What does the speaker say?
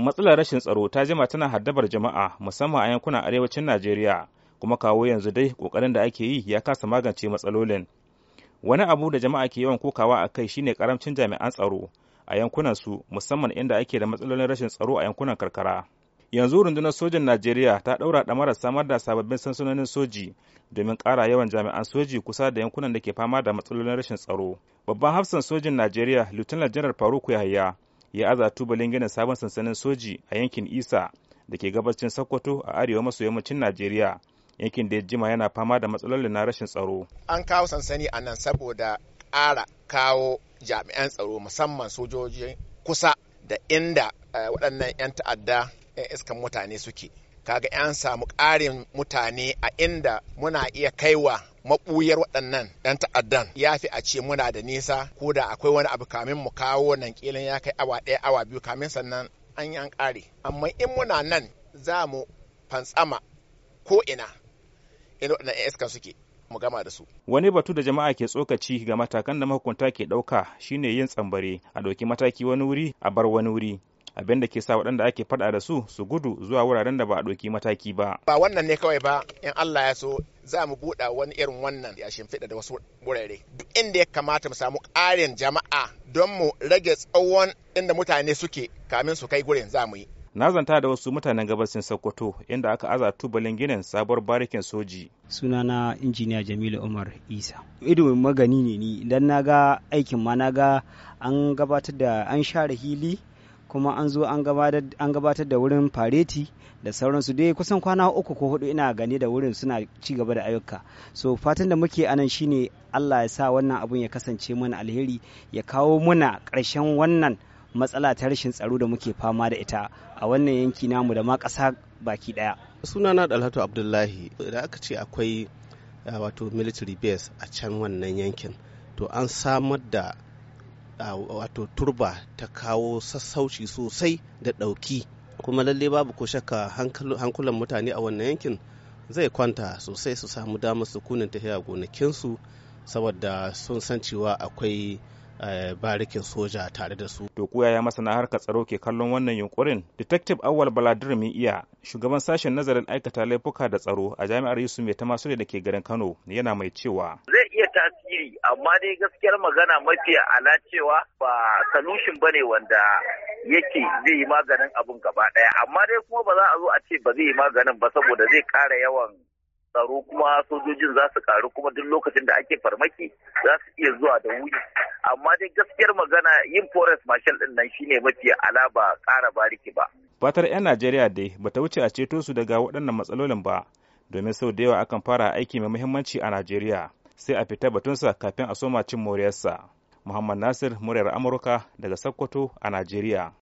matsalar rashin tsaro ta jima tana haddabar jama'a musamman a yankunan arewacin najeriya kuma kawo yanzu dai kokarin da ake yi ya kasa magance matsalolin wani abu da jama'a ke yawan kokawa a kai shine karamcin jami'an tsaro a yankunan su musamman inda ake da matsalolin rashin tsaro a yankunan karkara yanzu rundunar sojin najeriya ta ɗaura ɗamarar samar da sababbin sansanonin soji domin ƙara yawan jami'an soji kusa da yankunan da ke fama da matsalolin rashin tsaro babban hafsan sojin najeriya lieutenant general faruk yahaya ya aza tubalin gina sabon sansanin soji a yankin isa da ke gabacin sokoto a arewa maso yammacin najeriya yankin da ya jima yana fama da matsalolin na rashin tsaro an kawo sansani a nan saboda ƙara kawo jami'an tsaro musamman sojoji kusa da inda eh, waɗannan 'yan ta'adda 'yan iskan mutane suke kaga 'yan samu ƙarin mutane a inda muna iya kaiwa maɓuyar waɗannan ɗan ta'addan ya fi a ce muna da nisa ko da akwai wani abu kamin mu kawo nan kilin ya kai awa ɗaya awa biyu kamin sannan an yi an ƙare amma in muna nan za mu fantsama ko ina ina waɗannan iska suke mu gama da su. Wani batu da jama'a ke tsokaci ga matakan da mahukunta ke ɗauka shine yin tsambare a ɗauki mataki wani wuri a bar wani wuri. abin da ke sa waɗanda ake faɗa da su su gudu zuwa wuraren da ba a ɗauki mataki ba. Ba wannan ne kawai ba in Allah ya so za mu buɗa wani irin wannan ya shimfiɗa da wasu wurare duk inda ya kamata mu samu ƙarin jama'a don mu rage tsawon inda mutane suke kamin su kai gurin za mu yi na zanta da wasu mutanen gabasin sokoto inda aka aza tubalin ginin sabuwar barikin soji sunana injiniya jamilu umar isa ido magani ne ni idan na ga aikin ma na ga an gabatar da an share hili kuma an zo an gabatar da wurin fareti da sauransu dai kusan kwana uku ko hudu ina gani da wurin suna ci gaba da ayyuka so fatan da muke anan shine allah ya sa wannan abun ya kasance mana alheri ya kawo muna karshen wannan matsala ta rashin tsaro da muke fama da ita a wannan yanki namu da ma kasa baki ɗaya. sunana dalhatu abdullahi da aka ce akwai ah, wato military base a can wannan yankin to an samar da wato turba ta kawo sassauci sosai da ɗauki kuma lalle babu ko shakka hankulan mutane a wannan yankin zai kwanta sosai su samu damar su ta tafiya gonakinsu saboda sun san cewa akwai eh, barikin soja tare da su. kuya ya masana harka tsaro ke kallon wannan yunkurin. Detective Awal Baladir iya shugaban sashen nazarin aikata laifuka da tsaro a jami'ar Yusuf Mai Tamasule da ke garin Kano yana mai cewa. tasiri amma dai gaskiyar magana mafi ala cewa ba solution ne wanda yake zai yi maganin abun gaba daya amma dai kuma ba za a zo a ce ba zai yi maganin ba saboda zai kara yawan tsaro kuma sojojin za su karu kuma duk lokacin da ake farmaki za su iya zuwa da wuri amma dai gaskiyar magana yin forest marshal din nan shine mafi ala ba kara bariki ba fatar 'yan najeriya dai ta wuce a ceto su daga waɗannan matsalolin ba domin sau da yawa akan fara aiki mai muhimmanci a najeriya sai a fita batunsa kafin a soma cin moriyarsa. Muhammad Nasir, muryar Amurka daga Sokoto a Najeriya.